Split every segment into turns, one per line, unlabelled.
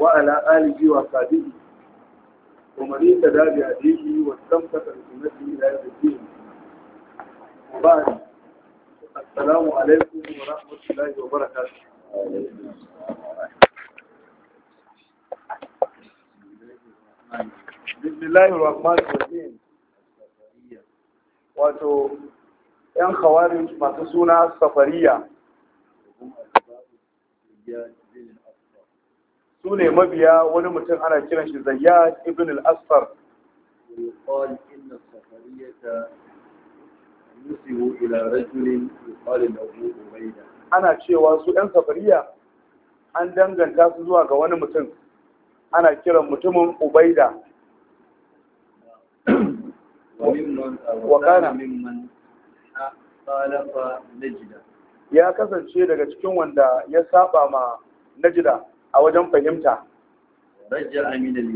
wa’ala aliki wa sadiki, umarni ta dabi a jiki wa samfatar sunatun ilayar da ke ba ne, assalamu alaikum wa rahmatullahi wa barakatuh. Bismillahi rahmatullahi wa rahim. Wato, ‘yan hawarin masu suna safariya. su ne mabiya wani mutum ana kiran shi zayyad ibn al-asfar ana cewa su 'yan safariya an danganta su zuwa ga wani mutum ana kiran mutumin ubaida wakana ya kasance daga cikin wanda ya saba ma najida a wajen fahimta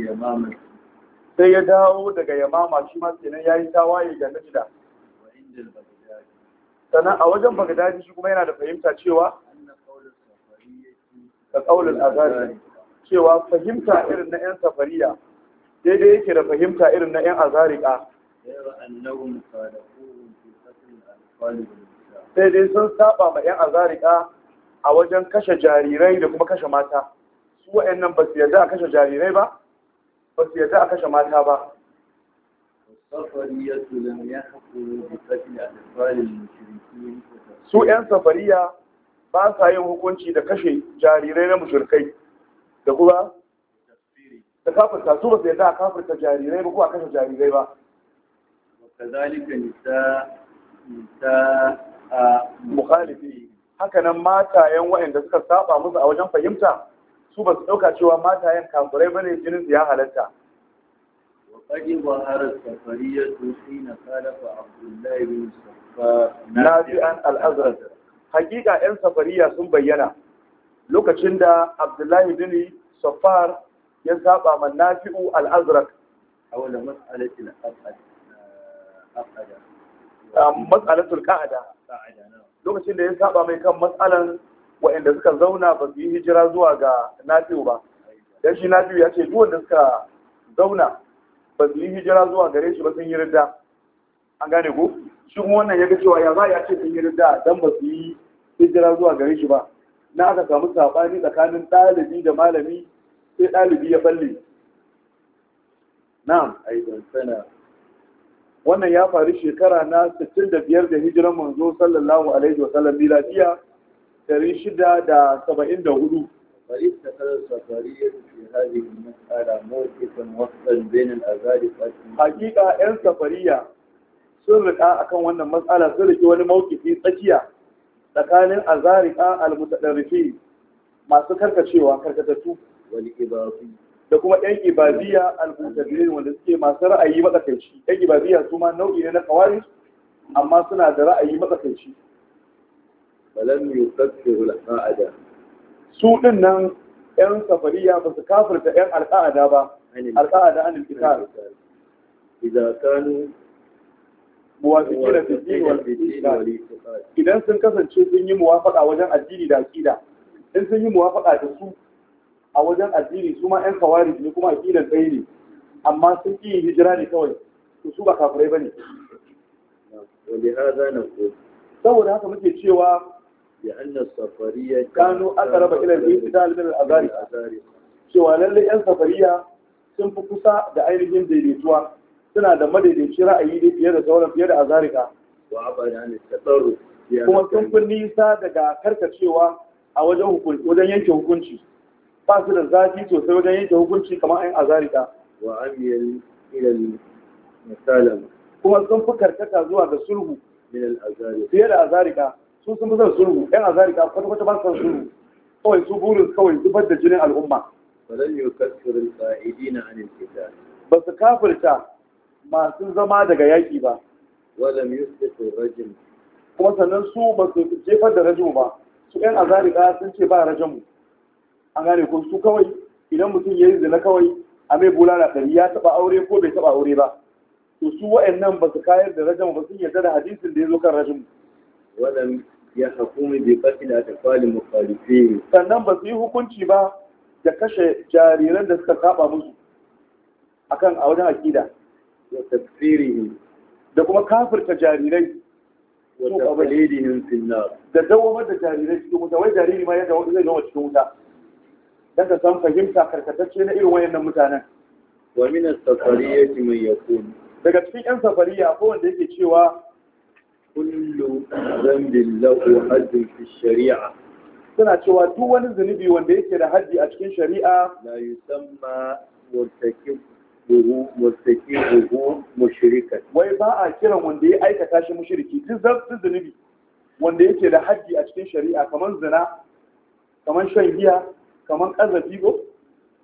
yamama sai ya dawo daga yamama shi ma ya yi tawaye ga najda sannan a wajen bagdadi shi kuma yana da fahimta cewa da kaulul azari cewa fahimta irin na yan safariya daidai yake da fahimta irin na yan azarika sai dai sun saba ma yan azarika a wajen kashe jarirai da kuma kashe mata su nan ba su yarda a kashe jarirai ba ba su yarda a kashe mata ba su 'yan safariya ba sa yin hukunci da kashe jarirai na mushrikai da kuma da kafirta su ba su yarda a kafirta jarirai ba ko a kashe jarirai ba a mukhalifi haka nan matayen waɗanda suka saba musu a wajen fahimta su ba su ɗauka cewa matayen kafirai ba ne jinin su ya halatta وقد ظهر السفرية حين خالف عبد الله بن صفا نافعا الأزرق حقيقة أن سفرية sun bayyana. Lokacin da Abdullahi bin Safar ya saba man Nafi'u al-Azraq hawala mas'alatul lokacin da ya saba mai kan mas'alan waɗanda suka zauna ba su yi hijira zuwa ga nafi'u ba dan shi nafi'u ya ce duk wanda suka zauna ba su yi hijira zuwa gare shi ba sun yi ridda an gane ko shi kuma wannan ya ga cewa ya za ya ce sun yi ridda dan ba su yi hijira zuwa gare shi ba na aka samu sabani tsakanin ɗalibi da malami sai ɗalibi ya balle na'am aidan sana wannan ya faru shekara na 65 da hijiran manzo sallallahu alaihi wa sallam miladiya dari shida da saba'in da hudu. Bari ta kar safariya fi hali mas'ala mawqifan wasan bainal azali Hakika yan safariya sun rika kan wannan matsala sun rike wani mawqifi tsakiya tsakanin azarika almutadarrifi masu karkacewa karkatattu da kuma yan ibadiyya almutadarrin wanda suke masu ra'ayi matsakaici yan ibadiyya su ma nau'i ne na kawari amma suna da ra'ayi matsakaici falam yukaffiru al-qa'ada su din nan yan safariya ba su kafirta yan al'ada ba al'ada an al-qital idza kanu muwafiqina fi din wal idan sun kasance sun yi muwafaqa wajen addini da aqida in sun yi muwafaqa da su a wajen addini su ma yan khawarij ne kuma aqidan tsaye ne amma sun yi hijira ne kawai to su ba kafirai bane ولهذا نقول saboda haka muke cewa لأن السفرية كانوا أقرب إلى الانفصال من الأزاري cewa lalle yan safariya sun fi kusa da ainihin daidaituwa suna da madaidaici ra'ayi da fiye da sauran fiye da azarika kuma sun fi nisa daga karkacewa a wajen wajen yanke hukunci ba su da zafi sosai wajen yanke hukunci kamar ayin azarika wa amiyal ilal misalam kuma sun fi karkata zuwa ga sulhu fiye da azarika su sun fi son sulhu yan azari ka kwata kwata ba su son sulhu kawai su burin kawai zubar da jinin al'umma ba su kafirta masu zama daga yaƙi ba walam yusbitu rajim kuma sannan su ba su jefar da rajimu ba su yan ka sun ce ba rajimu an gane ko su kawai idan mutum ya yi zina kawai a mai bulala ɗari ya taɓa aure ko bai taɓa aure ba to su wa'annan ba su kayar da rajimu ba sun yarda da hadisin da ya zo kan rajimu walam ya hukumi bi qatl atfal mukhalifin sannan ba su yi hukunci ba da kashe jariran da suka saba musu akan a wajen aqida wa tafsirihim da kuma kafirta jarirai wa taqlidihim fil da dawamar da jarirai cikin wuta wai jariri ma ya dawo zai dawo cikin wuta dan ka san fahimta karkatacce na irin wayannan mutanen wa min as-safariyati man yakun daga cikin yan safariya akwai wanda yake cewa kullu zambin lahu haddin fi shari'a suna cewa duk wani zunubi wanda yake da haddi a cikin shari'a la yusamma murtakib buhu murtaki buhu mushrikan wai ba a kiran wanda ya aikata shi mushriki duk zafin zunubi wanda yake da haddi a cikin shari'a kamar zina kamar shan giya kamar kazafi ko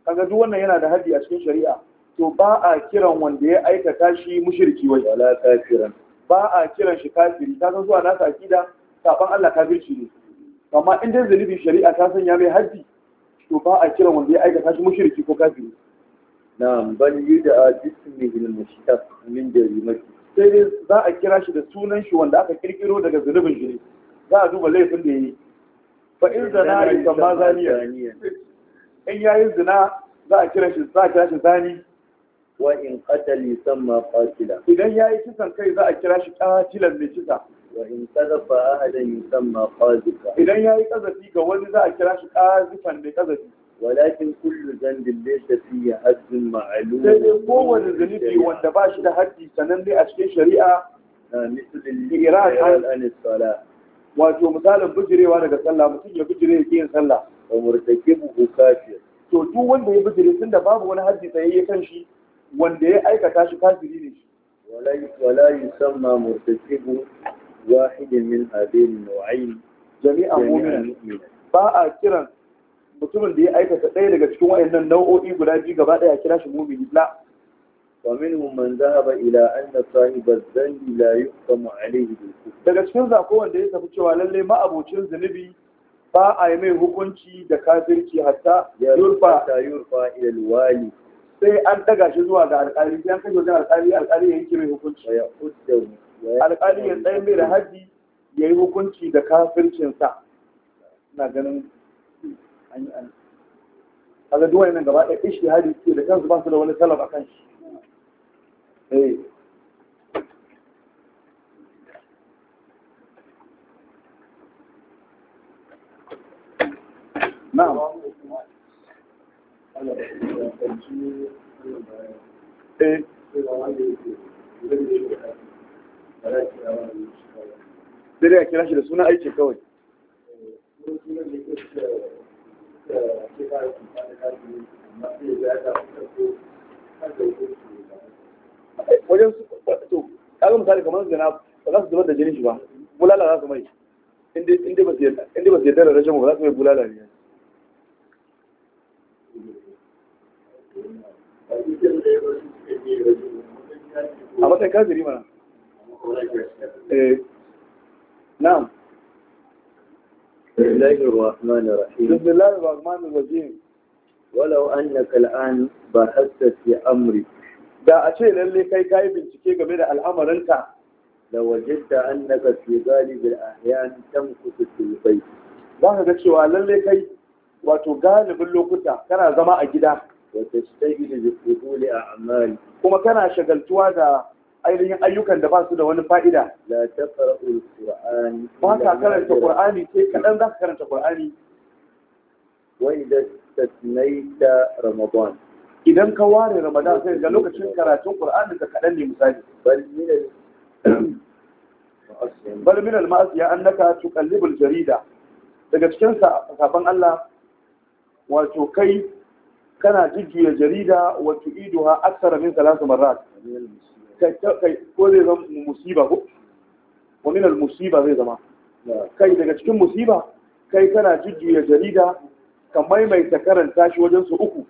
kaga duk wannan yana da haddi a cikin shari'a to ba a kiran wanda ya aikata shi mushriki wai wala kafiran ba a kiran shi kafiri ta san zuwa nasa akida saban Allah kafirci ne amma in dai zalibin shari'a ta sanya mai haddi to ba a kiran wanda ya aikata shi mushriki ko kafiri na'am bal ne jismihi al-mushtaq min jarimati sai dai za a kira shi da sunan shi wanda aka kirkiro daga zunubin shi ne za a duba laifin da yayi fa in zana ya kama zaniya in yayin zina za a kira shi za a kira shi zani wa in qatali samma qatila idan yayi kisan kai za a kira shi qatilan mai kisa wa in qadafa ahadan yusamma qadhifa idan yayi kazafi ga wani za a kira shi qazifan mai kazafi ولكن كل ذنب ليس فيه حد معلوم sai dai kowane zunubi wanda ba shi da haddi sanan dai a cikin shari'a مثل الإيراد عن الصلاة wato misalin bijirewa daga sallah mutum ya bijire ya yin sallah wa murtakibu kafir to duk wanda ya bijire tunda babu wani haddi tsayayye kan shi wanda ya aikata shi kafiri ne shi wala yusamma murtakibu wahidin min hadin nau'ain jami'an mu'mina ba a kiran mutumin da ya aikata ɗaya daga cikin wayannan nau'o'i guda biyu gaba ɗaya kira shi mu'mini la wa minhum man dhahaba ila anna sahiba zambi la yuqamu alayhi bil kufr daga cikin zako wanda ya tafi cewa lalle ma abocin zunubi ba a yi mai hukunci da kafirci hatta yurfa ta yurfa ila wali sai an daga shi zuwa ga alkali sai an kai wajen alkali alƙali ya yi mai hukunci alkali ya tsaye mai da haji ya yi hukunci da kafircinsa na ganin an yi an kaga duwa yana gaba ɗaya ishi hadi ce da kansu ba su da wani talab a kan shi Thank eh. you. eh sai ya kira shi da suna aiki kawai wajen su kaga misali kamar zina ba za su zubar da jini shi ba bulala za su mai inda ba su yadda da rashin ba za su mai bulala ne a matsayin kafiri mana eh na'am بسم الله الرحمن الرحيم بسم الله الرحمن الرحيم ولو أنك الآن بحثت في da a ce lalle kai kayi bincike game da al'amarinka da wajidta annaka fi galibil ahyan tamkutu fil bayt za ka ga cewa lalle kai wato galibin lokuta kana zama a gida kuma kana shagaltuwa da ainihin ayyukan da ba su da wani fa'ida ba ka karanta qur'ani sai kaɗan za ka karanta qur'ani idan ka ware ramadan sai ga lokacin karatun qur'ani ka kaɗan ne misali bal min al ya annaka tuqallibul jarida daga cikin sabon Allah wato kai kana jujjuya jarida wa tu'iduha aksara min thalath marrat kai ko zai zama musiba ko wa min musiba zai zama kai daga cikin musiba kai kana jujjuya jarida ka maimaita karanta shi wajen su uku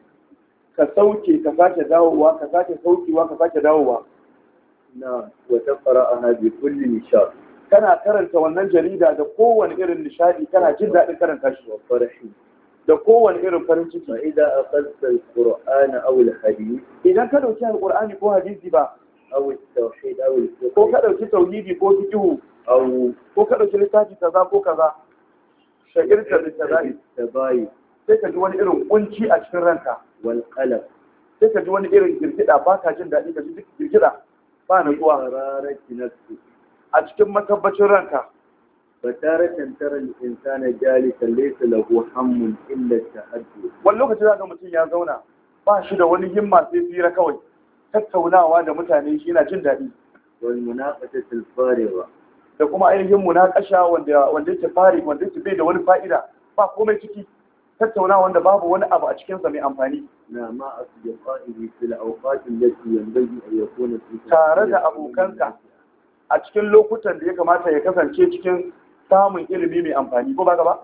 ka sauke ka sake dawowa ka sake saukewa ka sake dawowa na wata fara'ana bi kulli nishad kana karanta wannan jarida da kowane irin nishaɗi? kana jin daɗin karanta shi wa farahi da kowane irin farin ciki idan aqadta alqur'ana aw alhadith idan ka ɗauki Alƙur'ani ko hadisi ba aw tauhid aw ko ka ɗauki tauhidi ko fiqh aw ko ka ɗauki littafi kaza ko kaza shagirta da ta bayi. sai ka ji wani irin ƙunci a cikin ranka wal qalb sai ka ji wani irin girgida ba ka jin daɗi ka ji duk girgida ba na zuwa rarraki na a cikin matabbacin ranka فتارة ترى الإنسان جالسا ليس له هم إلا التهجد واللوكة ذاك متين يا زونا باشي da wani himma sai tsira kawai tattaunawa da mutane shi yana jin daɗi wal munaqashatu al fariga da kuma ainihin munaqasha wanda wanda yake bai da wani fa'ida ba komai ciki tattaunawa wanda babu wani abu a cikin sa mai amfani na ma tare da abokanka a cikin lokutan da ya kamata ya kasance cikin samun ilimi mai amfani ko ba ka ba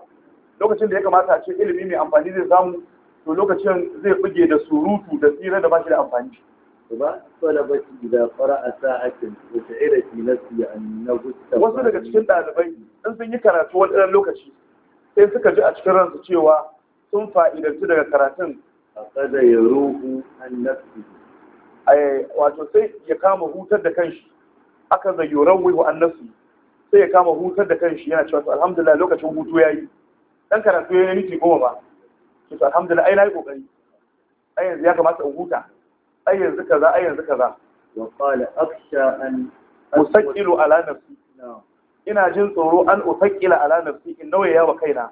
lokacin da ya kamata a ce ilimi mai amfani zai samu to lokacin zai buge da surutu da tsira da ba shi da amfani wasu daga cikin ɗalibai in sun yi karatu wani ɗan lokaci sai suka ji a cikin ransu cewa sun fa'idanci daga karatun kada ya ruhu an wato sai ya kama hutar da kanshi aka zayyoran wihu an sai ya kama hutar da kanshi yana cewa alhamdulillah lokacin hutu ya yi dan karatu ya yi miti goma ba to alhamdulillah ai na yi kokari ai yanzu ya kamata in huta ai yanzu kaza ai yanzu kaza wa qala akhsha an usaqqilu ala nafsi ina jin tsoro an usakila ala nafsi in nawaye yawa kaina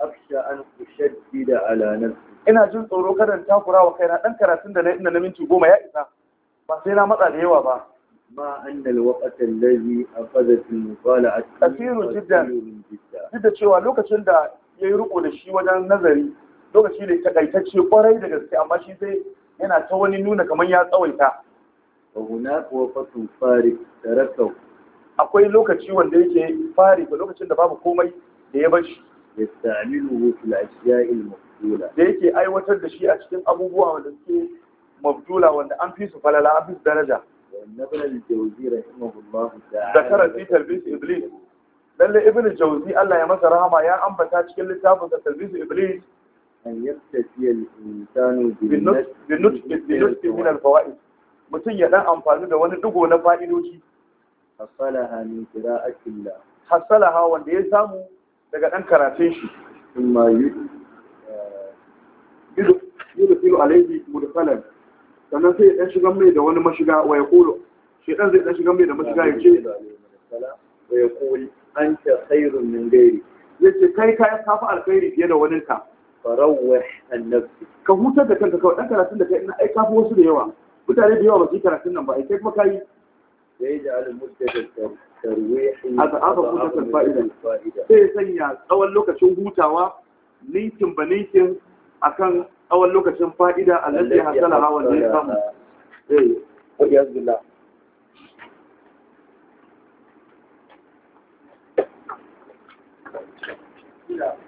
akhsha an ushaddida ala nafsi ina jin tsoro kada in takura wa kaina dan karatun da na yi na minti goma ya isa ba sai na matsa da yawa ba ما أن الوقت الذي أخذت المطالعة كثير جدا جدا cewa lokacin da yayi riko da shi wajen nazari lokaci ne takaitacce kwarai da gaske amma shi sai yana ta wani nuna kamar ya tsawaita wa hunaka wafatun farik tarakau akwai lokaci wanda yake farik lokacin da babu komai da ya bar shi yasta'miluhu fil asya'il mafdula da yake aiwatar da shi a cikin abubuwa wanda suke mafdula wanda an fi su falala an fi daraja Da karas ni tarbisu Iblis. Lallai Ibnul-Jauzi Allah Ya masa rama, ya ambata cikin littafin da tarbisu Iblis. An yabta siyan in yi sanu biyunan zuwa. Mutum ya dan amfani da wani ɗigo na faɗi doki. A kala hannu gida a Ha sala ya samu daga ɗan karatun shi. Ina yin filin filin a laifi, muda falon. sannan sai ya shigan mai da wani mashiga wa ya kulu zai shigan mai da mashiga ya ce wa ya kulu anta khairun min gairi kai ka ka fi alkhairi fiye da wani ka ka hutar da kanka kawai ɗan karatun da kai ina ai kafi wasu da yawa mutane da yawa ba su yi karatun nan ba ai kai kuma ka yi. ya ji al-muddat tarwihi azaba muddat fa'ida sai sanya tsawon lokacin hutawa ninkin ba ninkin akan tsawon lokacin fa'ida a lalle hasala hawan da ya samu eh. Yeah.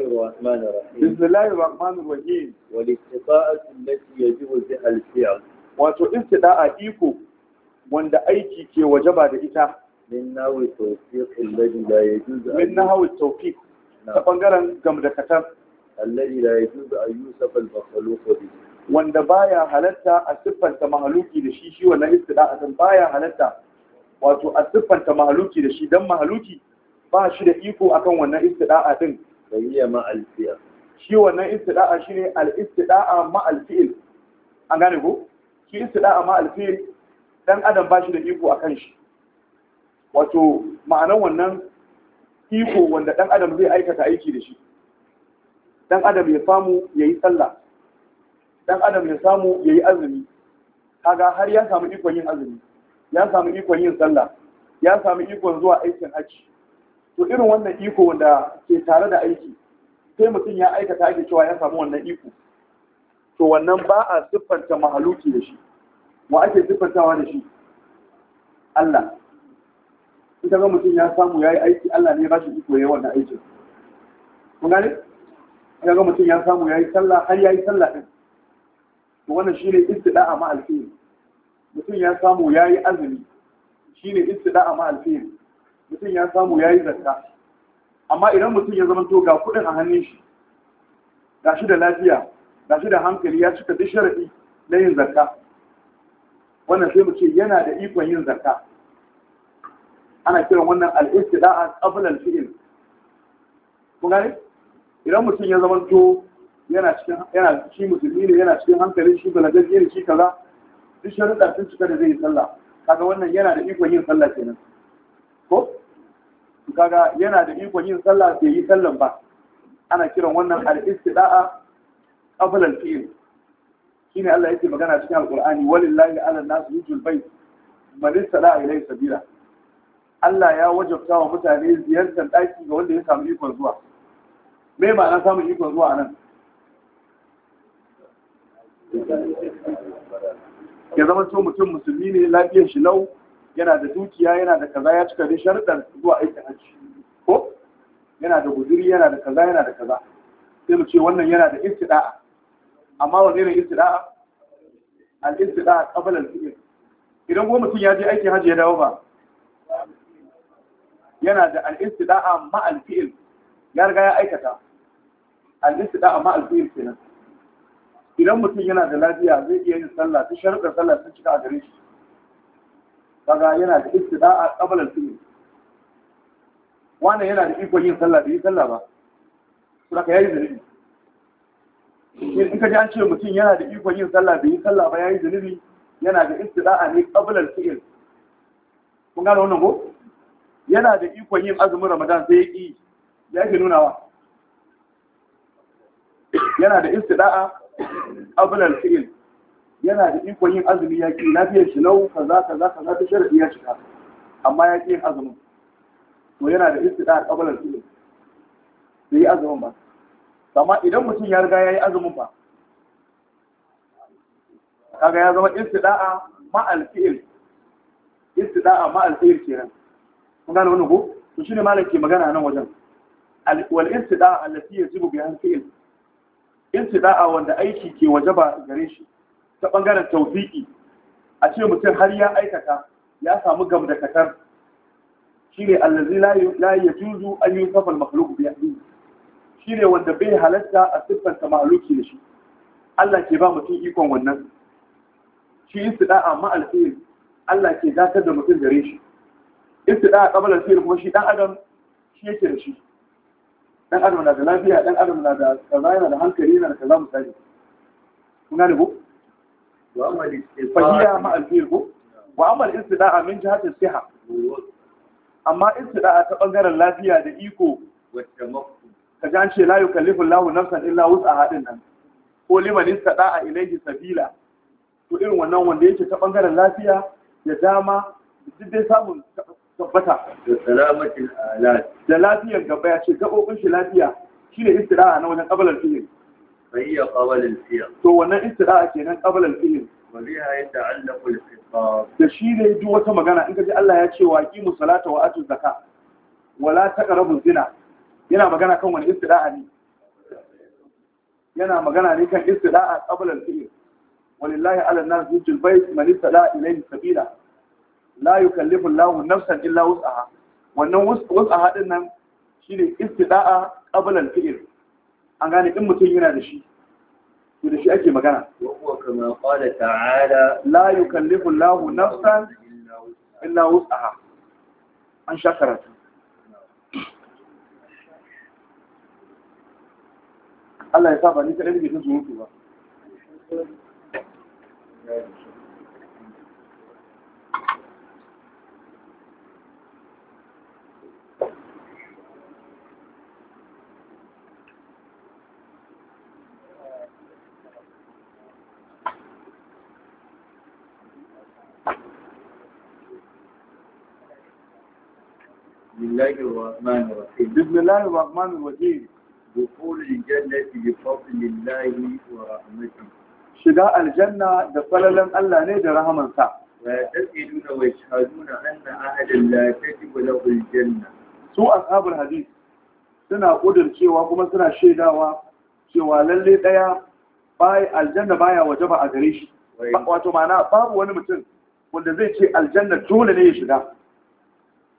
الرحمن الرحيم بسم الله الرحمن الرحيم والاستطاعة التي يجب بها الفعل wato a iko wanda aiki ke wajaba da ita min nawi tawfiq alladhi la yajuz min nawi tawfiq ta bangaren gamdakatar alladhi la yajuz an yusaf al makhluq bi wanda baya halatta a siffanta mahaluki da shi shi wannan istida'a din baya halatta wato a siffanta mahaluki da shi dan mahaluki ba shi da iko akan wannan istida'a din bayyana ma alfiya shi wannan istida'a shine al-istida'a ma alfiil an gane ko shi istida'a ma alfiil dan adam ba shi da iko akan shi wato ma'anar wannan iko wanda dan adam zai aikata aiki da shi dan adam ya samu yayi sallah dan adam ya samu yayi azumi kaga har ya samu ikon yin azumi ya samu ikon yin sallah ya samu ikon zuwa aikin hajji to irin wannan iko wanda ke tare da aiki sai mutum ya aikata ake cewa ya samu wannan iko to wannan ba a siffanta mahaluki da shi wa ake siffantawa da shi Allah in ga mutum ya samu ya yi aiki Allah ne ya bashi iko ya yi wannan aikin kun gane in ga mutum ya samu ya yi sallah har ya yi sallah din to wannan shi ne istida'a ma alfihi mutum ya samu ya yi azumi shi ne istida'a ma alfihi mutum ya samu ya yi zarta amma idan mutum ya zama toga ga kuɗin a hannun shi ga shi da lafiya ga shi da hankali ya cika duk sharaɗi na yin zarta wannan sai mu ce yana da ikon yin zarta ana kiran wannan al-istida'a qabla al-fi'l kun gane idan mutum ya zama to yana cikin yana shi musulmi ne yana cikin hankalin shi balagaji ne shi kaza duk sharuɗa sun cika da zai yi sallah kaga wannan yana da ikon yin sallah kenan ko kaga yana da ikon yin sallah bai yi sallan ba ana kiran wannan al-istida'a qabla al-fi'l shine Allah yake magana cikin alqur'ani walillahi 'ala nasu yujul bayt man istada'a ilayhi sabila Allah ya wajabta wa mutane ziyartar daki ga wanda ya samu ikon zuwa me ma'ana samun ikon zuwa nan ya zama to mutum musulmi ne lafiyar shi lau yana da dukiya yana da kaza ya cika duk sharuɗan zuwa aikin hajji ko yana da guduri yana da kaza yana da kaza sai mu ce wannan yana da istida'a amma wanne ne istida'a al istida'a qabl al fi'l idan kuma mutum ya je aikin hajji ya dawo ba yana da al istida'a ma al fi'l ya riga ya aikata al istida'a ma al fi'l kenan idan mutum yana da lafiya zai iya yin sallah ta sharuɗan sallah sun cika a gare shi kaga yana da ibtida'a qabla al-fi'l wannan yana da ikon yin sallah da yi sallah ba ka yayi zunubi in ka ji an ce mutum yana da ikon yin sallah da yi sallah ba yayi zunubi yana da ibtida'a ne qabla al-fi'l kun gane wannan ko yana da ikon yin azumin Ramadan sai ya ki ya ke nunawa yana da ibtida'a qabla al-fi'l yana da ikon yin azumi ya ke lafiyar shi lau kaza kaza kaza ta sharadi ya shiga amma ya ke yin azumin to yana da da a kabalar ilimi da yi azumin ba amma idan mutum ya riga ya yi azumin ba kaga ya zama istida'a ma'al fi'il istida'a ma'al ke nan kun gane wani ko to shine malam ke magana nan wajen wal istida'a allati yajibu biha al fi'il istida'a wanda aiki ke wajaba gare shi ta ɓangaren tausiki a ce mutum har ya aikata ya samu gam da gamdakatar shi ne allazi la ya juzu an yi safar makhluk bi yadi shi ne wanda bai halatta a siffanta mahaluki da shi Allah ke ba mutum ikon wannan shi istida'a ma alfil Allah ke dakatar da mutum gare shi istida'a qabla alfil kuma shi dan adam shi yake da shi dan adam na da lafiya dan adam na da kaza yana da hankali yana da kaza misali kuna da ko fahiya ma alfil ko wa amal istida'a min jihatil siha amma istida'a ta bangaren lafiya da iko ka ji an ce la yukallifu Allahu nafsan illa wus'aha din nan ko liman istada'a ilayhi sabila to irin wannan wanda yake ta bangaren lafiya ya dama duk dai samun tabbata da salamatin alat da lafiyar gaba ya ce gabobin shi lafiya shine istida'a na wajen kabalar fi'il فهي قبل الفعل to wannan istira'a kenan qabl al-fi'l wa biha yata'allaqu al-khitab da shi ne duk wata magana in kaji Allah ya ce wa aqimu salata wa atu zakat wa yana magana kan wani istira'a ne yana kan istira'a qabl al-fi'l walillahi 'ala an-nas yujil bayt man istala ilayhi sabila la yukallifu Allahu nafsan illa wus'aha wannan wus'aha din shine an gane in mutum yana da shi to da shi ake magana La huwa kama qala ta'ala la nafsan illa wus'aha an sha karatu. Allah ya saba ni kadai da ke jin surutu ba Bismillahir Rahmanir Rahim. Dukulin Shiga aljanna da salalan Allah ne da rahamansa. Wa yaqiduna wa yashhaduna anna ahadan la yajibu lahu aljanna. Su ashabul hadith suna kudin cewa kuma suna shaidawa cewa lalle daya bai aljanna baya wajaba a gare shi. Wato ma'ana babu wani mutum wanda zai ce aljanna dole ne ya shiga.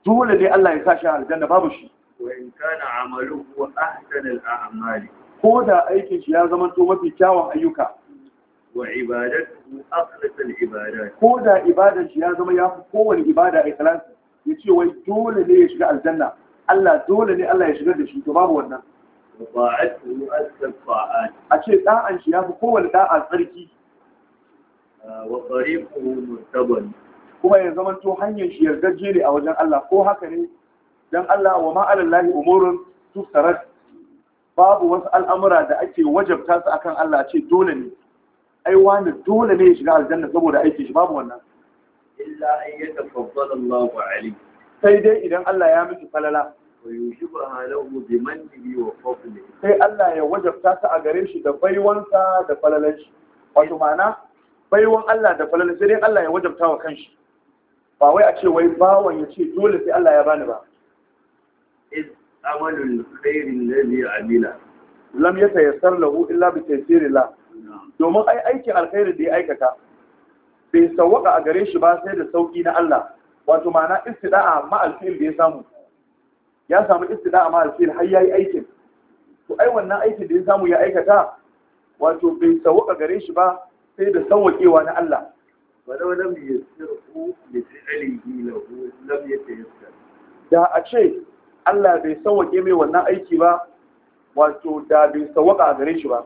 Dole wanda dai Allah ya sa shi aljanna babu shi wa in kana amaluhu wa ahsanul a'mali ko da aikin shi ya zama to mafi kyawun ayyuka wa ibadatu akhlasul ibadat ko da ibadar shi ya zama ya fi kowane ibada a ya ce wai dole ne ya shiga aljanna Allah dole ne Allah ya shigar da shi to babu wannan ba'atu as-safa'at a ce da'an shi ya fi kowane da'a tsarki wa tariquhu mustabani kuma ya zama to hanyar shi yardaje ne a wajen Allah ko haka ne dan Allah wa ma alallahi umurun tusarat babu wasu al'amura da ake wajabta su akan Allah ce dole ne ai wani dole ne ya shiga aljanna saboda aiki shi babu wannan illa an yatafaddala Allahu Ali. sai dai idan Allah ya miki falala sai Allah ya wajabta su a gare shi da baiwansa da falalan shi wato ma'ana baiwan Allah da falalan sai dai Allah ya wajabta wa kanshi ba wai a ce wai bawan ya ce dole sai Allah ya bani ba iz amalul khairin ladhi amila lam yatayassar lahu illa bi taysirillah domin ai aikin alkhairi da ya aikata bai sawwaka a gare shi ba sai da sauki na Allah wato ma'ana istida'a ma alfil da ya samu ya samu istida'a ma alfil har yayi aikin to ai wannan aikin da ya samu ya aikata wato bai sawwaka gare shi ba sai da sawwakewa na Allah walau lam yassirhu li fi'lihi lahu lam yatayassar da a ce Allah bai sawwake mai wannan aiki ba wato da bai sauka a gare shi ba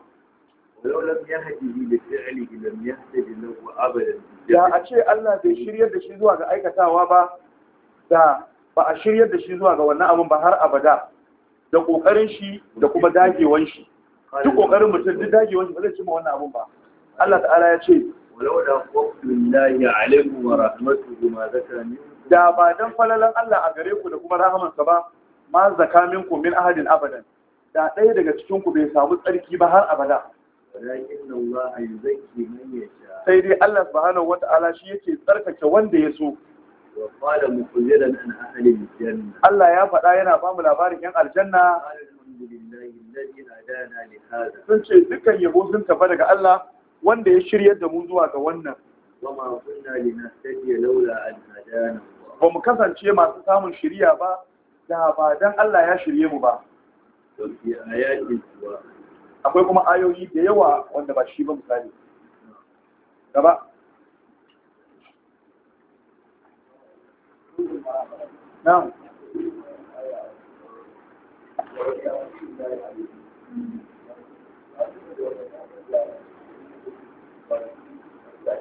walau lam yahdihi li fi'lihi lam yahtadi lahu abadan da a ce Allah bai shiryar da shi zuwa ga aikatawa ba da ba a shiryar da shi zuwa ga wannan abin ba har abada da kokarin shi da kuma dagewan shi duk kokarin mutum duk dagewan shi ba zai cimma wannan abin ba Allah ta'ala ya ce ولولا فضل الله عليكم ورحمته ما زكى منكم da ba dan falalan Allah a gare ku da kuma rahamansa ba ma zaka minkum min ahadin abadan da ɗaya daga cikin ku bai samu tsarki ba har abada sai dai Allah subhanahu wata'ala shi yake tsarkake wanda ya so Allah ya faɗa yana ba mu labarin yan aljanna sun ce dukkan yabo sun tafa daga Allah wanda ya shiryar da mu zuwa ga wannan ba mu kasance masu samun shirya ba da ba don Allah ya shirye mu ba akwai kuma ayoyi da yawa wanda ba shi ba misali gaba Nan!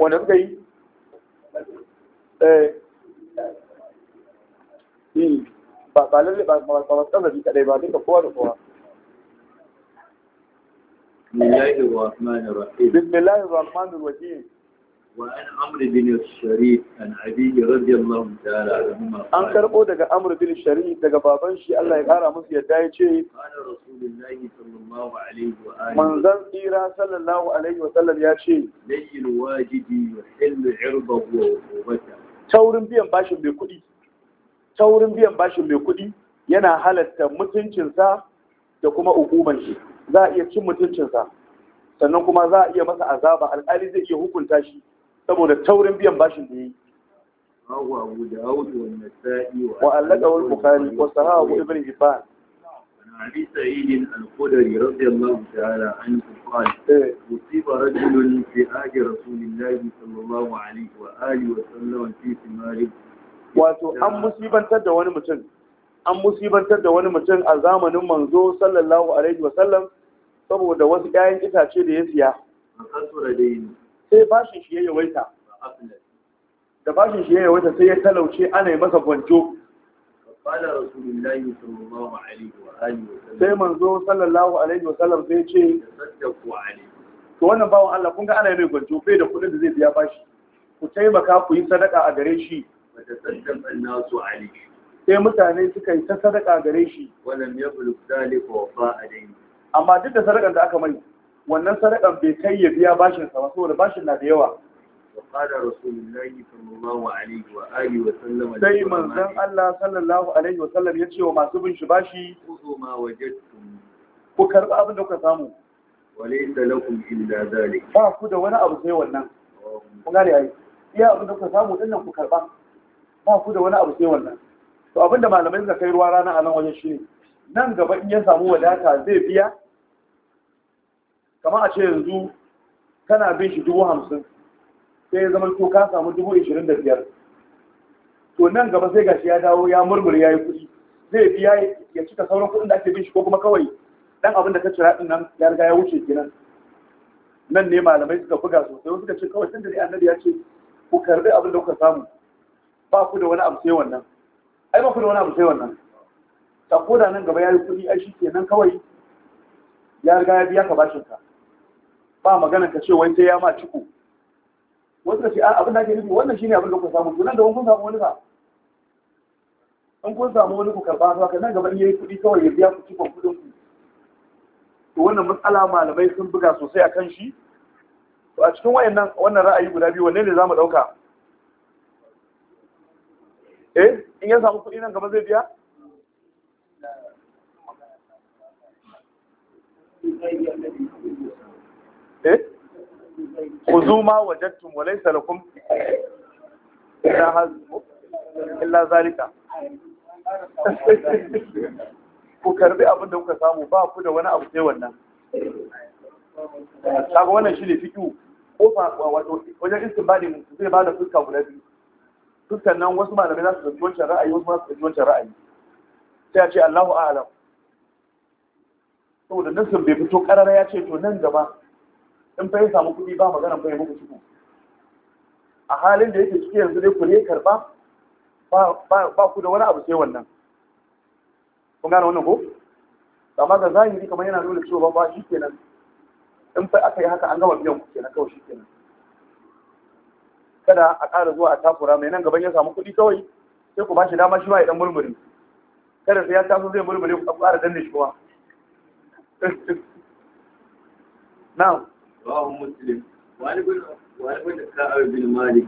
wanda suka yi ba ba lalle ba ba ba tsanabi kadai ba duka kowa da kowa بسم الله الرحمن الرحيم وعن عمرو بن الشريف عن أبيه رضي الله تعالى عنهما أن كربو عمرو بن الشريف دقى بابنشي الله يقارى قال رسول sallallahu tsira sallallahu alaihi wa sallam ya ce layyil wajidi yuhillu irbahu wa ubata taurin biyan bashin mai kuɗi taurin biyan bashin mai kuɗi yana halatta mutuncinsa da kuma hukuman shi za a iya cin mutuncinsa sannan kuma za a iya masa azaba alƙali zai iya hukunta shi saboda taurin biyan bashin da ya yi وألقه البخاري وصححه ابن حبان أبي سعيد الخدري رضي الله تعالى عنه قال أصيب رجل في آج رسول الله صلى الله عليه وآله وسلم في ثمار wato an musibantar da wani mutum a zamanin manzo sallallahu alaihi wasallam saboda wasu 'ya'yan itace da ya siya sai bashin shi ya yawaita da bashin shi ya yawaita sai ya talauce ana yi masa gwanjo sai manzo sallallahu alaihi wasallam sai ce to wannan bawan Allah kun ga ana mai gwanjo bai da kuɗin da zai biya bashi ku taimaka ku yi sadaka a gare shi sai mutane suka yi ta sadaka a gare shi amma duk da sadakan da aka mai wannan sadakan bai kai ya biya bashin sa saboda bashin na da yawa وقال رسول الله صلى الله عليه وآله وسلم سي من زن الله صلى الله عليه وسلم يتشي وما سبن شباشي خذوا ما وجدتم وكرب أبن دوك سامو وليس لكم إلا ذلك فأخذ وانا أبو سي وانا وقال يا يا أبن دوك سامو إنهم ku da وانا أبو sai wannan. to abin da malamai suka kai ruwa rana a nan wajen shi nan gaba in ya samu wadata zai biya kamar a ce yanzu kana bin shi dubu hamsin sai ya zama ko ka samu dubu ishirin da biyar to nan gaba sai gashi ya dawo ya murmuri ya yi kuɗi zai biya ya cika sauran kuɗin da ake bin shi ko kuma kawai dan abin da ka cira din nan ya riga ya wuce kenan nan ne malamai suka buga sosai wasu suka ce kawai tunda dai annabi ya ce ku karbi abin da kuka samu ba ku da wani abu sai wannan ai ba ku da wani abu sai wannan ta koda nan gaba ya yi kuɗi ai shi kenan kawai ya riga ya biya ka bashin ka ba magana ka ce wai sai ya ma ciko wasu ce abin da ake nufi wannan shine abin da kun samu tunan da wani kun samu wani ba in kun samu wani ku karba to ka nan gaba in yayi kuɗi kawai ya biya ku cikon kudin ku to wannan matsala malamai sun buga sosai a kan shi to a cikin wayannan wannan ra'ayi guda biyu wanne ne za mu ɗauka eh in ya samu kuɗi nan gaba zai biya khudhu ma wajadtum wa laysa lakum illa hazbu illa zalika ku karbi abin da kuka samu ba ku da wani abu sai wannan kaga wannan shi ne fiƙi kofa wato wajen istinbadi zai ba da fuska guda biyu fuskan nan wasu malamai za su ɗauki wancan ra'ayi wasu ma su ɗauki wancan ra'ayi sai a ce Allahu a'lam saboda nasin bai fito ƙarara ya ce to nan gaba in fa ya samu kuɗi ba magana bai ya muku ciko a halin da yake ciki yanzu dai ku ne karba ba ku da wani abu sai wannan kun gane wannan ko amma ga zahiri kamar yana nuna cewa ba shi kenan in fa aka yi haka an gama biyan ku kenan kawai shi kenan kada a ƙara zuwa a takura mai nan gaban ya samu kuɗi kawai sai ku ba shi dama shi ma ya dan murmuri kada sai ya taso zai murmure ku ƙara danne shi kuma na'am رواه مسلم وعن ابن وعن ابن كعب بن مالك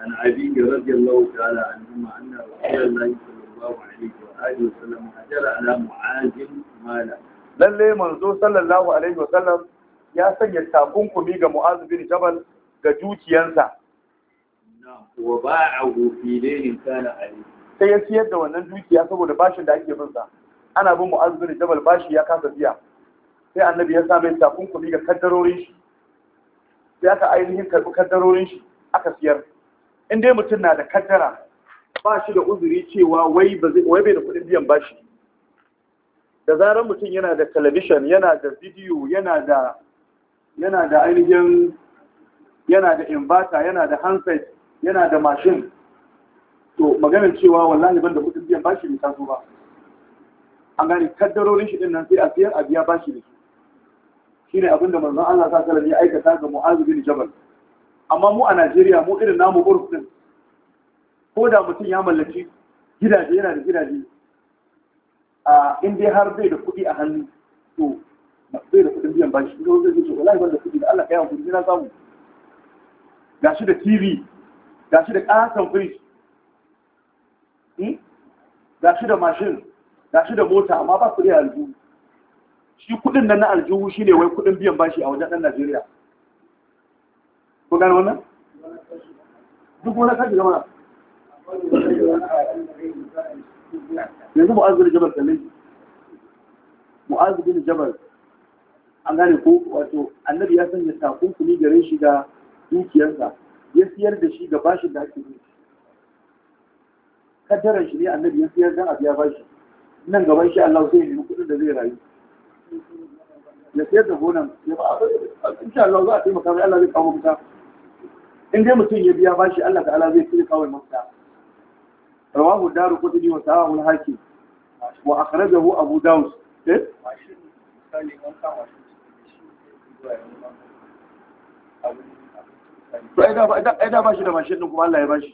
عن أبيه رضي الله تعالى عنهما أن رسول الله صلى الله عليه وآله وسلم هجر على معاذ ماله lalle manzo sallallahu alaihi wasallam ya sanya takunkumi ga Mu'az bin Jabal ga dukiyansa wa ba'ahu fi dainin kana alayhi sai ya siyar da wannan dukiya saboda bashin da ake bin sa ana bin Mu'az bin Jabal bashi ya kasa biya sai annabi ya sa takunkumi ga kaddarorin shi sai aka ainihin karbi kaddarorin shi aka siyar in dai mutum na da kaddara ba shi da uzuri cewa wai bai da kuɗin biyan bashi da zarar mutum yana da talabishin yana da bidiyo yana da yana da ainihin yana da inverter yana da handset yana da mashin to maganin cewa wallahi ban da kuɗin biyan bashi bai taso ba an gane kaddarorin shi din nan sai a siyar a biya bashi da su shine abin da manzon Allah sa sallallahu ya aikata ga Mu'adh bin Jabal amma mu a Najeriya mu irin namu urf din ko da mutum ya mallaki gidaje yana da gidaje a in dai har bai da kuɗi a hannu to bai da kuɗin biyan bashi ko zai ce wallahi ban da kuɗi da Allah kai hankali na samu gashi da TV gashi da kasan fridge hmm? gashi da mashin gashi da mota amma ba kuɗi a aljihu shi kudin nan na aljihu shi ne wai kudin biyan bashi a wajen ɗan Najeriya. Ko gane wannan? Duk wani kashi gama. Yanzu Mu'azu bin Jabal Mu Mu'azu da jabar. an gane ko wato annabi ya sanya takunkumi gare shi ga dukiyarsa ya siyar da shi ga bashin da ake yi. Kaddaran shi ne annabi ya siyar da abu ya bashi. Nan gaban shi Allah sai ya nemi kuɗin da zai rayu. ya sayar da gonan ya ba insha Allah za a taimaka mai Allah zai kawo mafita in dai mutum ya biya bashi Allah ta'ala zai kiri kawo mafita rawahu daru qutni wa sahahu al-hakim wa akhrajahu abu daud eh to ai da ai da bashi da mashin din kuma Allah ya bashi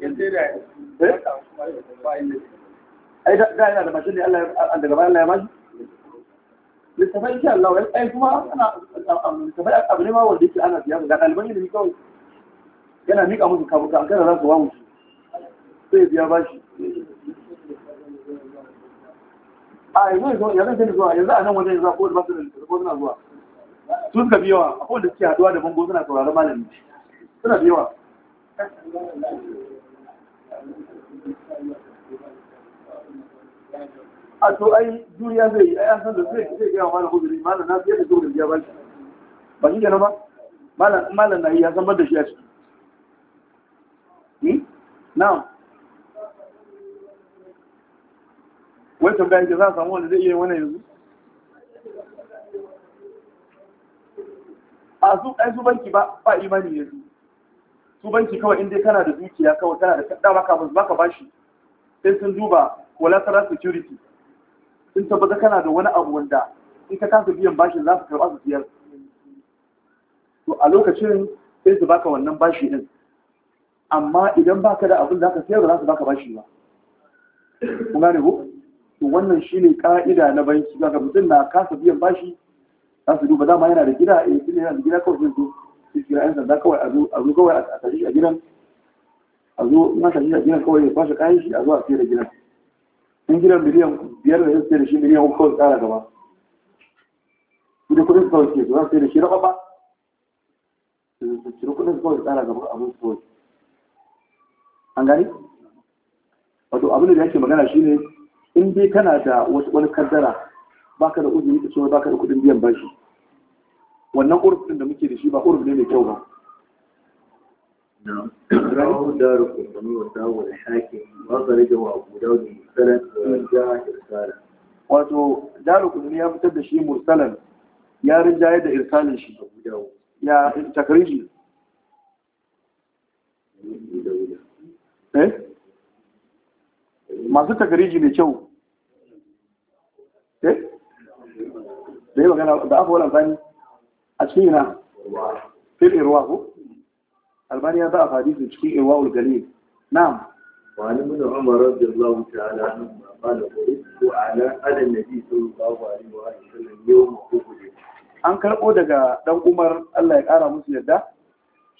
yanzu da eh ai da yana da mashin ne Allah daga bayan Allah ya bashi littafai ce Allah ai kuma ana littafai abu ne ma wanda yake ana biya ga ɗaliban ilimi kawai yana miƙa musu kabuka an kada za su wamu sai biya bashi a yanzu yanzu yanzu zuwa yanzu a nan wajen yanzu ko da basu da littafai ko suna zuwa sun suka biyawa akwai wanda suke haɗuwa da bango suna sauraron malami suna biyawa a to ai duniya zai yi ai san da zai zai ga malam hudiri malam na fiye da zuwa ya ba ba shi kenan ba malam malam na ya san da shi a ciki hmm? na'am wai tambayar ke za a samu wanda zai iya wani yanzu a su ai su banki ba ba imani yanzu su banki kawai in dai kana da dukiya kawai tana da kada maka ba ka bashi sai sun duba collateral security sun tabbata kana da wani abu wanda in ka kasa biyan bashin za su karɓa su biyar to a lokacin sai su baka wannan bashi din amma idan baka da abin da ka sayar za su baka bashi ba Ku gane ko to wannan shine ka'ida na banki ga mutum na kasa biyan bashi za su duba dama yana da gida eh, a yankin yana da gida kawai zai zo su kira yan sanda kawai a zo kawai a tashi a gidan a zo na tashi a gidan kawai ya kwashe kayan shi a zo a sayar da gidan in miliyan biyar da zai da shi miliyan uku kawai tsara gaba su da kudin kawai ke zuwa sai da shi raba ba su kudin kawai tsara gaba abin su kawai an gani wato abin da yake magana shine in dai kana da wani kaddara baka da uzuri ka ce baka da kudin biyan bashi wannan urfin da muke da shi ba urfi ne mai kyau ba رواه دار القرطبي وساوى الحاكم وأخرجه أبو داود مرسلا ورجع إرسالا wato daru kudin ya fitar da shi mursalan ya rinjaye da irsalin shi ya takariji eh masu takariji mai kyau eh da yi magana wani zani a cikin na fil ko albani ya za a hadisin cikin irwaul galil na'am wa an ibn umar radiyallahu ta'ala anhu qala qultu ala ala nabi sallallahu alaihi wa sallam yawm uhud an karbo daga dan umar Allah ya kara musu yadda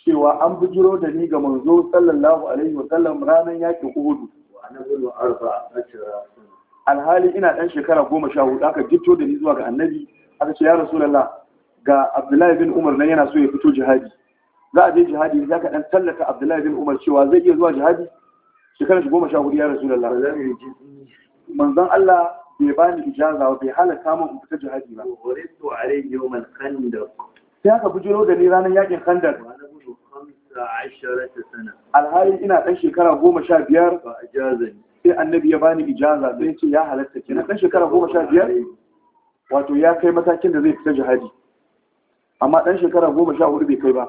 cewa an bujiro da ni ga manzo sallallahu alaihi wa sallam ranar yakin uhud wa ana bin arba ashara alhali ina dan shekara goma sha hudu aka gito da ni zuwa ga annabi aka ce ya rasulullah ga abdullahi bin umar nan yana so ya fito jihadi za a je jihadi za ka dan tallata abdullahi bin umar cewa zai iya zuwa jihadi shekarar shi goma sha hudu ya rasu rasulallah manzon allah bai ba ni ijaza bai halaka min in fita jihadi ba sai aka bujiro da ni ranar yakin khandaq alhali ina dan shekara goma sha biyar sai annabi ya bani ijaza zai ce ya halatta kenan dan shekara goma sha biyar wato ya kai matakin da zai fita jihadi amma dan shekara goma sha hudu bai kai ba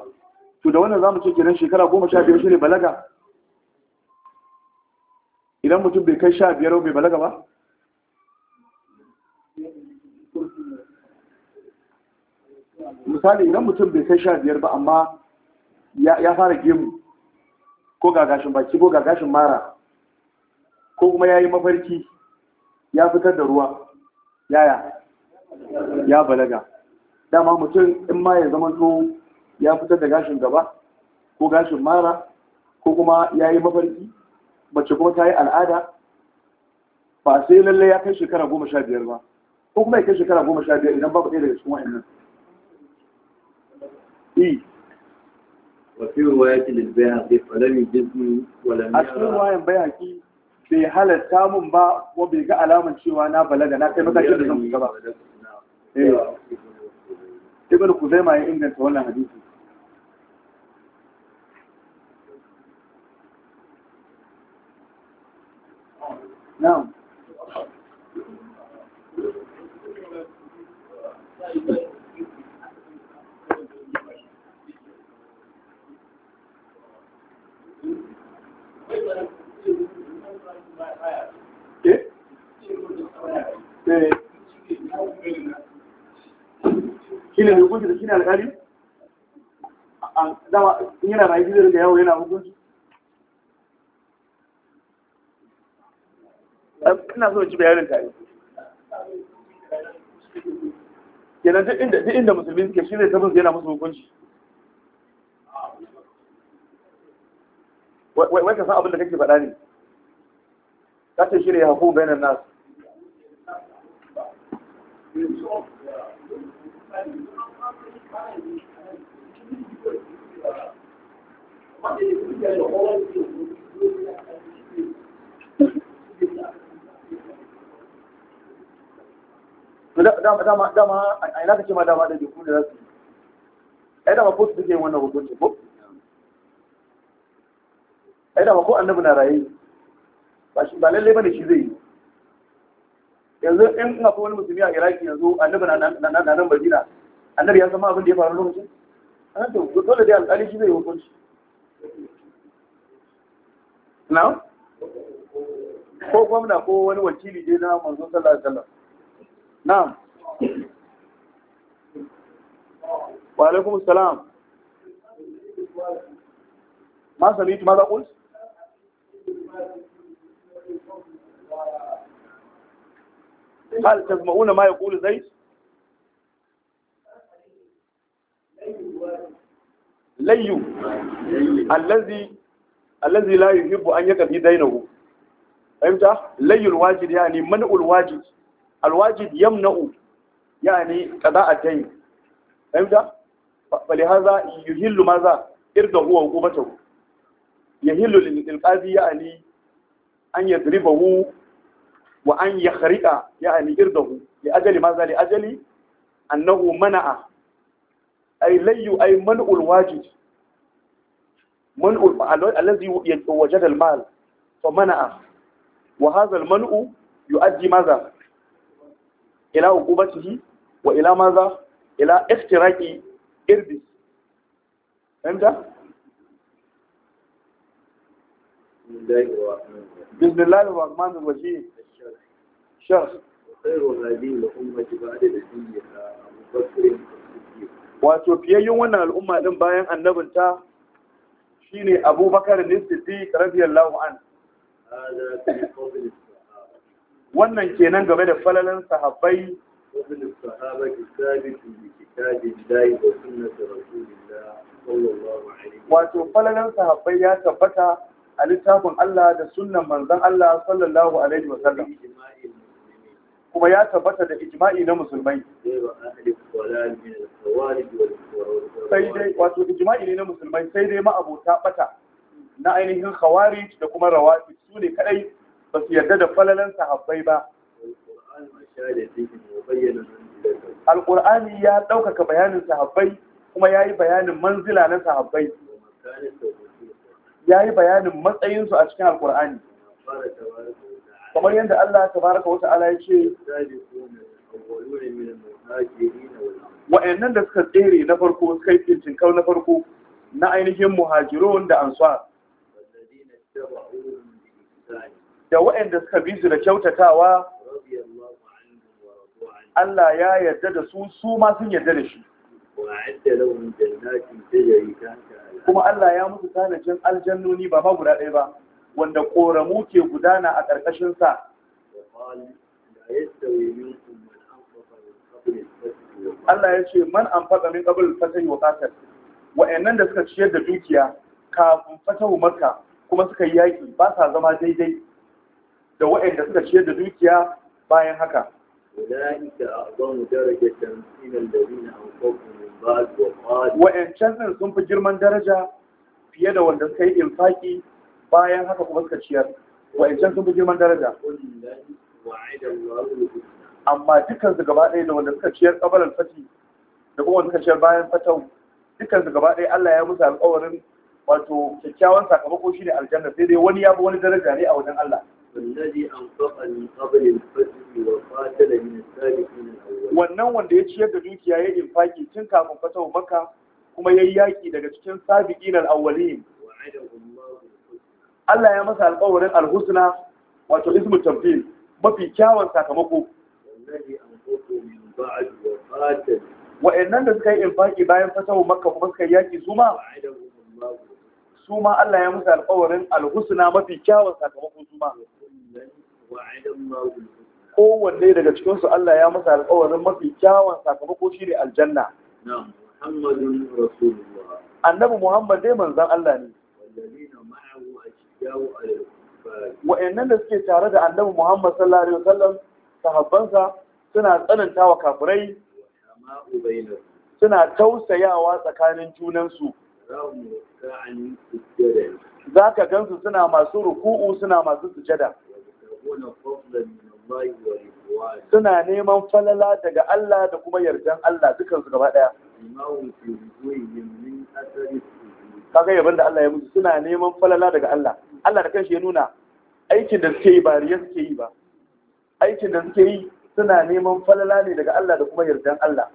to da wannan zamu ce kenan shekara goma sha biyar shine balaga idan mutum bai kai sha biyar bai balaga ba misali idan mutum bai kai sha biyar ba amma ya fara gemu ko gagashin baki ko gagashin mara ko kuma ya yi mafarki ya fitar da ruwa yaya ya balaga dama mutum in ma ya zama to ya fitar da gashin gaba ko gashin mara ko kuma ya yi mafarki mace kuma ta yi al'ada ba sai lallai ya kai shekara goma sha biyar ba ko kuma ya kai shekara goma sha biyar idan babu ɗaya daga cikin wa'annan وفي رواية للبيهقي فلم يجزني ولم يرى أشكر رواية بيهقي bai halatta mun ba ko bai ga alaman cewa na balaga na kai matakin da zan fita ba. Ibn Kuzaima ya inganta wannan hadisi. na'am eh? Eh. shine hukunci da shine alƙali dama in yana rayu da yawo yana hukunci ina so ci bayanin tare kenan duk inda duk inda musulmi suke shi ne ta musu yana musu hukunci wai ka san abin da kake faɗa ne ka ce shirya haku bayanan nasu Thank you. dama dama dama a ina kace ma dama da duk da su ai dama ko su take wannan hukunci ko ai dama ko annabi na raye ba shi ba lalle bane shi zai yi yanzu in ina ko wani musulmi a Iraki yanzu annabi na na na nan Madina annabi ya zama abin da ya faru lokacin an to dole dai alƙali shi zai hukunci na ko gwamna ko wani wakili dai na manzon sallallahu alaihi wasallam na'am wa alaikum salam ma sami tu maza qult hal tasma'una ma yaqulu zaid layyu allazi allazi la yuhibbu an yaqdi dainahu fahimta layyul wajid yani man'ul wajid alwajid yamna'u yani qada'a dayn fahimta falihaza yuhillu maza irda huwa hukumatahu yahillu lil qadi ya'ani, an yadribahu wa an yakhriqa ya'ni irdahu li ajali maza li ajali annahu mana'a ay layyu ay man'ul wajib man'ul alladhi wajada al mal fa mana'a wa hadha al man'u yu'addi maza ila uqubatihi wa ila maza ila iftiraki irbi fahimta بسم الله الرحمن الرحيم شرح wato fiyayyun wannan al'umma din bayan annabinta shine abubakar ne siddiq radiyallahu an wannan kenan game da falalan sahabbai ومن الصحابة ثابت بكتاب الله وسنة رسول الله صلى الله عليه وسلم وتفلل صحابي يا تبتا littafin Allah da sunnan manzon Allah sallallahu alaihi wa sallam kuma ya tabbata da ijma'i na musulmai sai dai wato ijma'i ne na musulmai sai dai ma'abota bata na ainihin khawarij da kuma rawatib su ne kadai ba su yarda da falalan sahabbai ba alƙur'ani ya ɗaukaka bayanin sahabbai kuma ya yi bayanin manzila na sahabbai ya yi bayanin matsayinsu a cikin alƙur'ani kamar yadda Allah ka wata ala ya ce wa'annan da suka tsere na farko suka yi cincinkau na farko na ainihin muhajirun da ansuwa. da wa'anda suka bi su da kyautatawa Allah ya yarda da su su ma sun yarda da shi kuma Allah ya musu tanajin aljannoni ba ma guda ɗaya ba wanda ƙoramu ke gudana a ƙarƙashin sa Allah ya ce man an faɗa min ƙabil fatahi wa ƙasar, wa'annan da suka ciyar da dukiya kafin fatahu maka kuma suka yi yaƙi ba sa zama daidai da wa'anda suka ciyar da dukiya bayan haka أولئك أعظم sun fi girman daraja fiye da wanda suka yi infaki bayan haka kuma suka ciyar wa'ancan sun fi girman daraja amma dukkan su gaba ɗaya da wanda suka ciyar ƙabalar fati da kuma wanda suka ciyar bayan fatau dukkan su gaba ɗaya Allah ya musu alƙawarin wato kyakkyawan sakamako shine aljanna sai dai wani ya bi wani daraja ne a wajen Allah والذي أنفق من قبل الفجر وقاتل من السابقين الأول wannan wanda ya ciyar da dukiya ya infaki tun kafin fatahu makka kuma ya yi yaƙi daga cikin sabiqin al-awwalin Allah ya masa alƙawarin alhusna husna wato ismu tamfil mafi kyawun sakamako wa'annan da suka yi infaki bayan fatahu makka kuma suka yaki su ma su ma Allah ya musu alƙawarin alhusna mafi kyawun sakamakon su kowanne daga cikinsu Allah ya masa alƙawarin mafi kyawun sakamako shi ne aljanna. Annabi Muhammad dai manzan Allah ne. Wa'annan da suke tare da Annabi Muhammad sallallahu alaihi wasallam sahabbansa suna tsananta wa kafirai suna tausayawa tsakanin junansu. Za ka gansu suna masu ruku'u suna masu sujada. suna neman falala daga Allah da kuma yardan Allah su gaba daya kaga yabin da Allah ya musu suna neman falala daga Allah Allah da kanshi ya nuna aikin da suke yi ba riyar suke yi ba aikin da suke yi suna neman falala ne daga Allah da kuma yardan Allah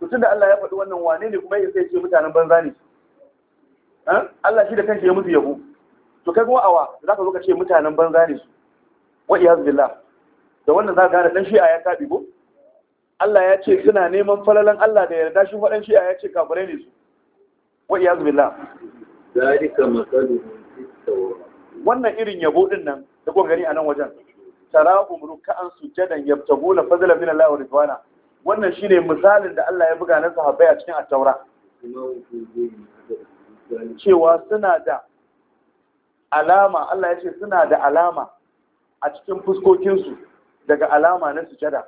to tunda Allah ya faɗi wannan wane ne kuma ya sai ce mutanen banza ne Allah shi da kanshi ya musu yabo to kai kuma awa ka zo ka ce mutanen banza ne su wa iyaz da wannan za ka gane dan shi'a ya tabi ko Allah ya ce suna neman falalan Allah da yarda shi faɗan shi'a ya ce kafirai ne su wa iyaz billah zalika wannan irin yabo din nan da kuka gani a nan wajen tarahum ruk'an sujadan yabtaguna fadla min Allah wa ridwana wannan shine misalin da Allah ya buga na sahabbai a cikin at-taura cewa suna da alama Allah ya ce suna da alama a cikin fuskokinsu daga alama na sujada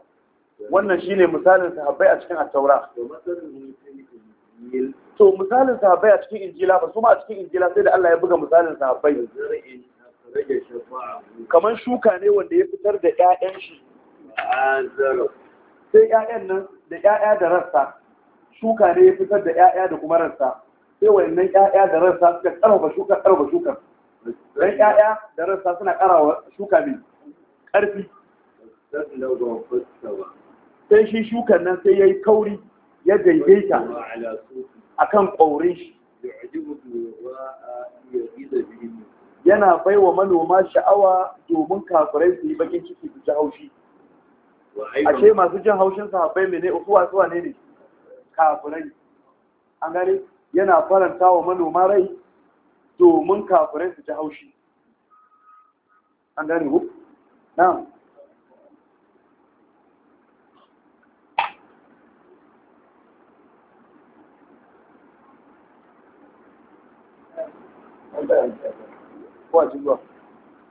wannan shi ne misalin sahabbai a cikin attaura to misalin sahabbai a cikin injila ba su ma a cikin injila sai da Allah ya buga misalin sahabbai kamar shuka ne wanda ya fitar da ƴaƴan shi sai ƴaƴan nan da ƴaƴa da rassa shuka ne ya fitar da ƴaƴa da kuma rassa sai wayannan ƴaƴa da rassa suka karba shukar karba shukar ran ƴaƴa da rassa suna ƙarawa shuka mai ƙarfi sai shi shukan nan sai ya yi kauri ya daidaita a kan ƙaurin shi yana bai wa manoma sha'awa domin kafirai su yi bakin ciki su ji haushi ashe masu jin haushin sahabbai mene uwa suwa ne ne kafirai an gani yana faranta wa manoma rai domin kafirai su ji haushi an gane ku? na'am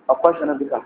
a kwashe na duka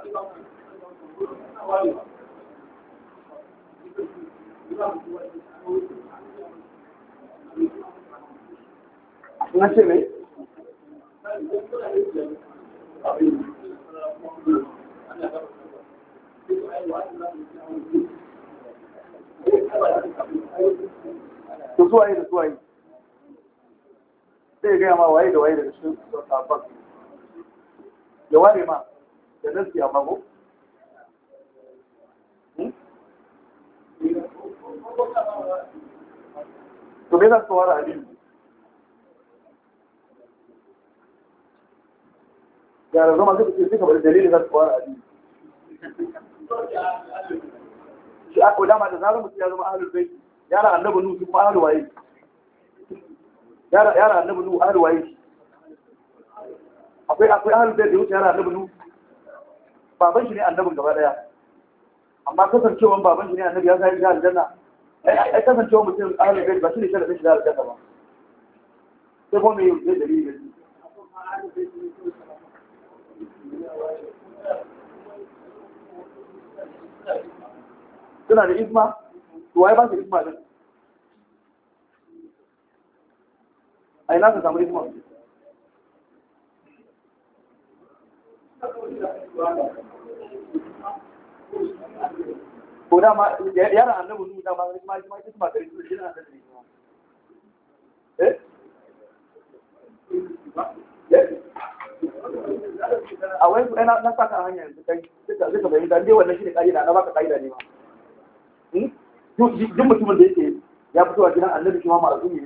to me za su a aliyu gara zama zai ce suka bari dalilin za su a aliyu shi aka dama da zarar mutum ya zama ahalul bai yara annabi nu su kuma ahalul waye yara yara annabi nu ahalul waye akwai akwai ahalul bai da wuce yara annabi nu baban shi ne annabin gaba daya amma kasancewan baban shi ne annabi ya zai ga aljanna ai ba shi ne sharaɗin shiga aljanna ba sai kuma mai yanzu dalilin suna da isma a wai ba su isma din ai na ka samu isma Thank you. ko dama yaran annabi nuhu dama wani kuma kuma kuma shi na eh? eh? a wai su eh, na saka hanya kai na baka kaida ne ma hmm? da yake ya fito a gidan annabi shi ma ne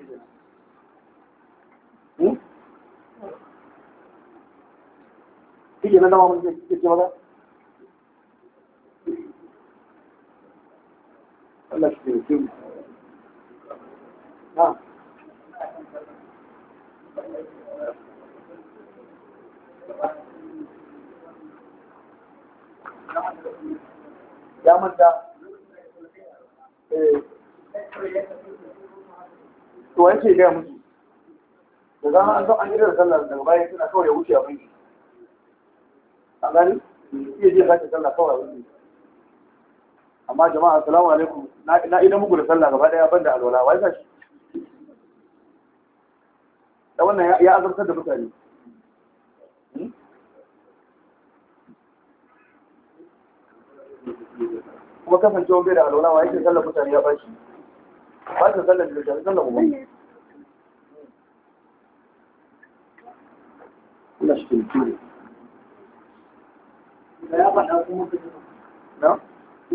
hmm? shi ke mun ce ce Allah shi taimake ya manta eh. to wani gaya musu da zama an zama an gida da sallar daga bayan suna kawai ya wuce a abin a gani iya je sake sallar kawai abin amma jama'a salamu alaikum na idan muku da sallah gaba daya banda alwala wai sa shi da wannan ya azabtar da mutane hmm? kuma kasancewa bai da alwala wa yake sallar mutane ya bashi ba ta sallar da shi sallar kuma Allah shi ke ya faɗa kuma na